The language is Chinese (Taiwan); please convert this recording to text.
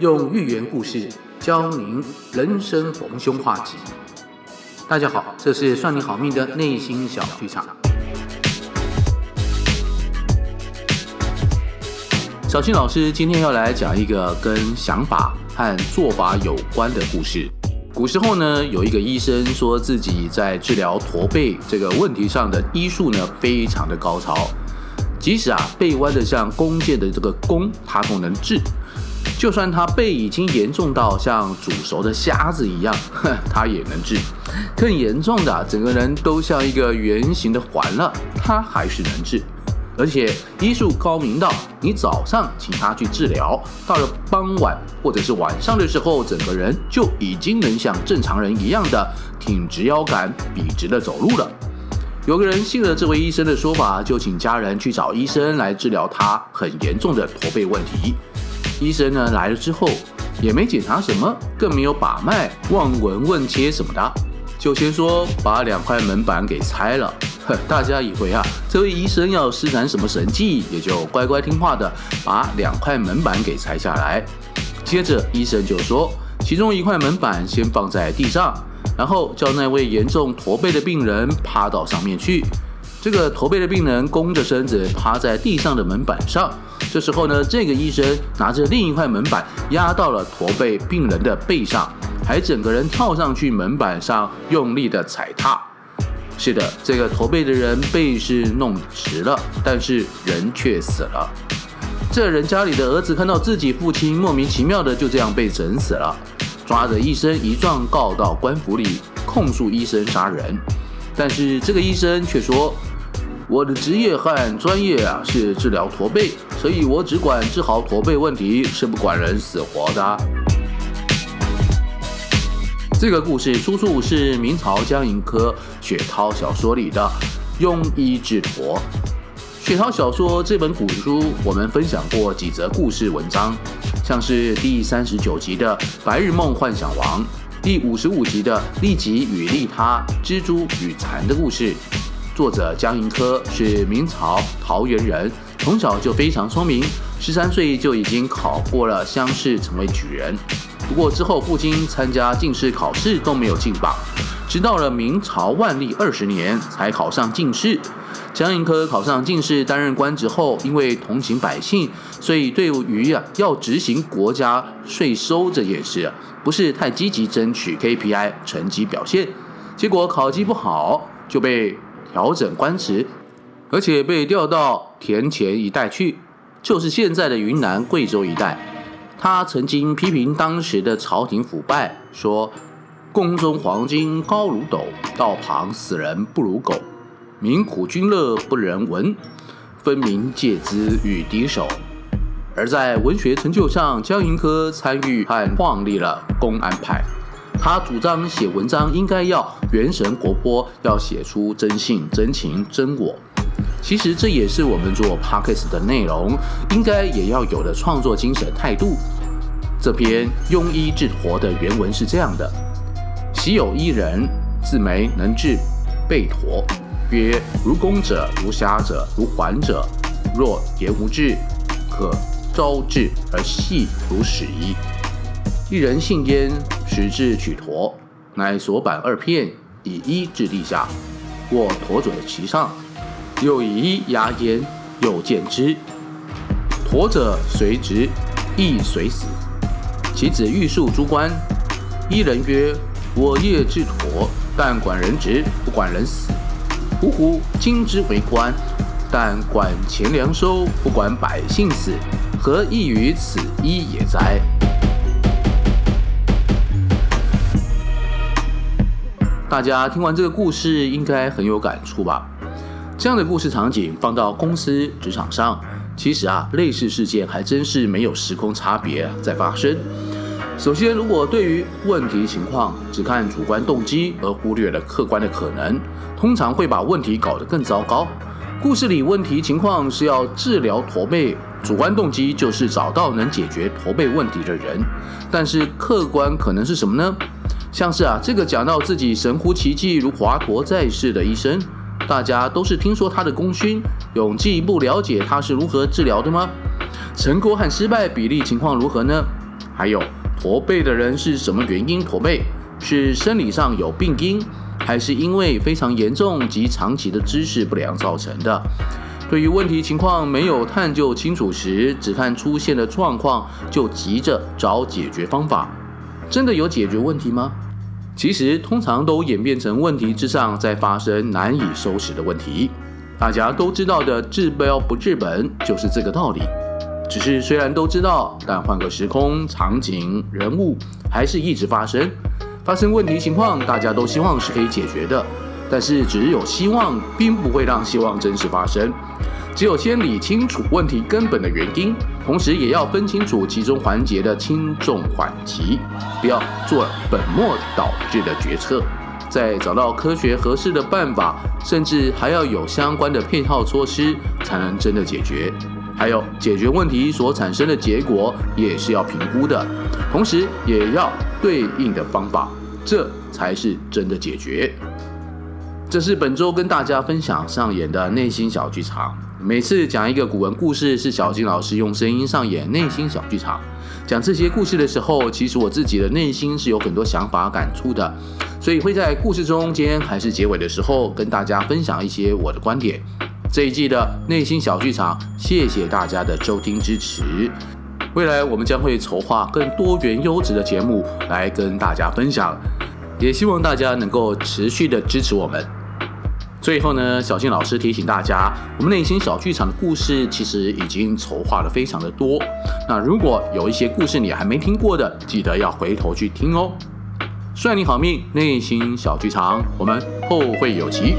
用寓言故事教您人生逢凶化吉。大家好，這是算你好命的內心小劇場。小金老師今天要來講一個跟想法和做法有關的故事。古時候呢，有一個醫生說自己在治療駝背這個問題上的醫術呢，非常的高超，即使啊，背彎的像弓箭的這個弓，他都能治。就算他背已經嚴重到像煮熟的蝦子一樣，哼，他也能治；更嚴重的，整個人都像一個圓形的環了，他還是能治。而且醫術高明到，你早上請他去治療，到了傍晚或者是晚上的時候，整個人就已經能像正常人一樣的挺直腰桿、筆直的走路了。有個人信了這位醫生的說法，就請家人去找醫生來治療他很嚴重的駝背問題。醫生呢來了之後，也沒檢查什麼，更沒有把脈、望、聞、問、切什麼的，就先說把兩塊門板給拆了。呵，大家以為啊，這位醫生要施展什麼神技，也就乖乖聽話的把兩塊門板給拆下來。接着，醫生就說，其中一塊門板先放在地上，然後叫那位嚴重駝背的病人趴到上面去。這個駝背的病人弓着身子趴在地上的門板上，這時候呢，這個醫生拿着另一塊門板壓到了駝背病人的背上，還整個人跳上去門板上用力的踩踏。是的，這個駝背的人背是弄直了，但是人卻死了。這人家裡的兒子看到自己父親莫名其妙的就這樣被整死了，抓着醫生一狀告到官府裡控訴醫生殺人，但是這個醫生卻說，我的職業和專業啊是治療駝背，所以我只管治好駝背問題，是不管人死活的。這個故事出處是明朝江盈科《雪濤小說》裡的《庸醫治駝》。《雪濤小說》這本古書，我們分享過幾則故事文章，像是第三十九集的《白日夢幻想王》，第五十五集的《利己與利他》、《蜘蛛與蠶》的故事。作者江盈科是明朝桃源人，從小就非常聰明，十三歲就已經考過了鄉試，成為舉人。不過之後父親參加進士考試都沒有進榜，直到了明朝萬歷二十年才考上進士。江盈科考上進士擔任官職後，因為同情百姓，所以對於啊要執行國家稅收這件事啊，不是太積極爭取 KPI 成績表現，結果考績不好就被調整官職，而且被調到田前一帶去，就是現在的雲南、貴州一帶。他曾經批評當時的朝廷腐敗，說：“宮中黃金高如斗，道旁死人不如狗，民苦君樂不仁聞，分明借資與敵手。”而在文學成就上，江盈科參與和創立了公安派。他主張寫文章應該要元神活潑，要寫出真性、真情、真我。其實這也是我們做 podcast 的內容，應該也要有的創作精神態度。這篇庸醫治駝的原文是這樣的：昔有一人，自媒能治背駝，曰：如弓者，如蝦者，如環者，若延吾治，可朝治而夕如矢矣。一人信焉。始至取駝，乃鎖板二片，以一置地下，臥駝者其上，又以一壓焉，又見之。駝者隨直，亦隨死。其子欲訴諸官，醫人曰：“我業治駝，但管人直，不管人死。嗚呼，今之為官，但管錢糧收，不管百姓死，何異於此一也哉？”大家聽完這個故事，應該很有感觸吧？這樣的故事場景放到公司職場上，其實啊，類似事件還真是沒有時空差別在發生。首先，如果對於問題情況只看主觀動機，而忽略了客觀的可能，通常會把問題搞得更糟糕。故事裡問題情況是要治療駝背，主觀動機就是找到能解決駝背問題的人，但是客觀可能是什麼呢？像是啊，這個講到自己神乎其技如華佗在世的醫生，大家都是聽說他的功勳，有進一步了解他是如何治療的嗎？成功和失敗比例情況如何呢？還有駝背的人是什麼原因駝背？是生理上有病因，還是因為非常嚴重及長期的姿勢不良造成的？對於問題情況沒有探究清楚時，只看出現的狀況就急着找解決方法，真的有解決問題嗎？其實通常都演變成問題之上再發生難以收拾的問題，大家都知道的治標不治本就是這個道理。只是雖然都知道，但換個時空場景人物，還是一直發生。發生問題情況，大家都希望是可以解決的，但是只有希望，並不會讓希望真實發生。只有先理清楚問題根本的原因。同時也要分清楚其中環節的輕重緩急，不要做本末倒置的決策。再找到科學合適的辦法，甚至還要有相關的配套措施，才能真的解決。還有解決問題所產生的結果也是要評估的，同時也要對應的方法，這才是真的解決。這是本周跟大家分享上演的內心小劇場。每次講一個古文故事，是小金老師用聲音上演內心小劇場。講這些故事的時候，其實我自己的內心是有很多想法感觸的，所以會在故事中間還是結尾的時候跟大家分享一些我的觀點。這一季的內心小劇場，謝謝大家的收聽支持。未來我們將會籌劃更多元優質的節目來跟大家分享，也希望大家能夠持續的支持我們。最後呢，小金老師提醒大家，我們內心小劇場的故事其實已經籌劃了非常的多。那如果有一些故事你還沒聽過的，記得要回頭去聽哦。算你好命，內心小劇場，我們後會有期。